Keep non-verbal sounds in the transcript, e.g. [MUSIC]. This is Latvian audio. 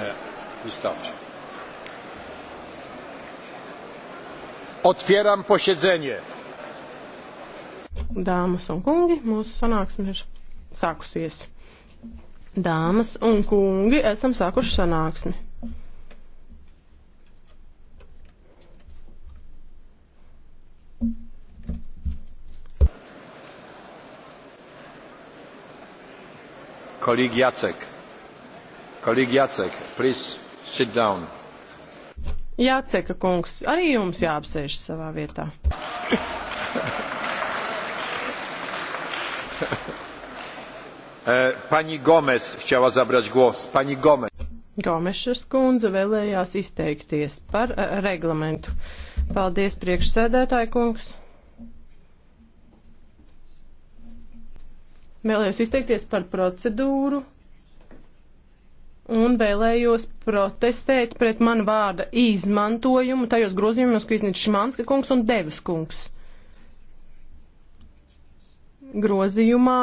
E, wystarczy. Otwieram posiedzenie. Dāmas un kungi, mūsu sanāksme ir sākusies. Dāmas un kungi, esam sākuši sanāksmi. Kolīgi Jacek. Kolīgi Jācek, please sit down. Jāceka kungs, arī jums jāapsēž savā vietā. [LAUGHS] Eh, pani Gomes chciała zabrać głos. Pani Gomes. Gomešas kundze vēlējās izteikties par uh, reglamentu. Paldies, priekšsēdētāji kungs. Vēlējos izteikties par procedūru, un vēlējos protestēt pret man vārda izmantojumu tajos grozījumos, ko izniedz Šmanska kungs un Devas kungs. Grozījumā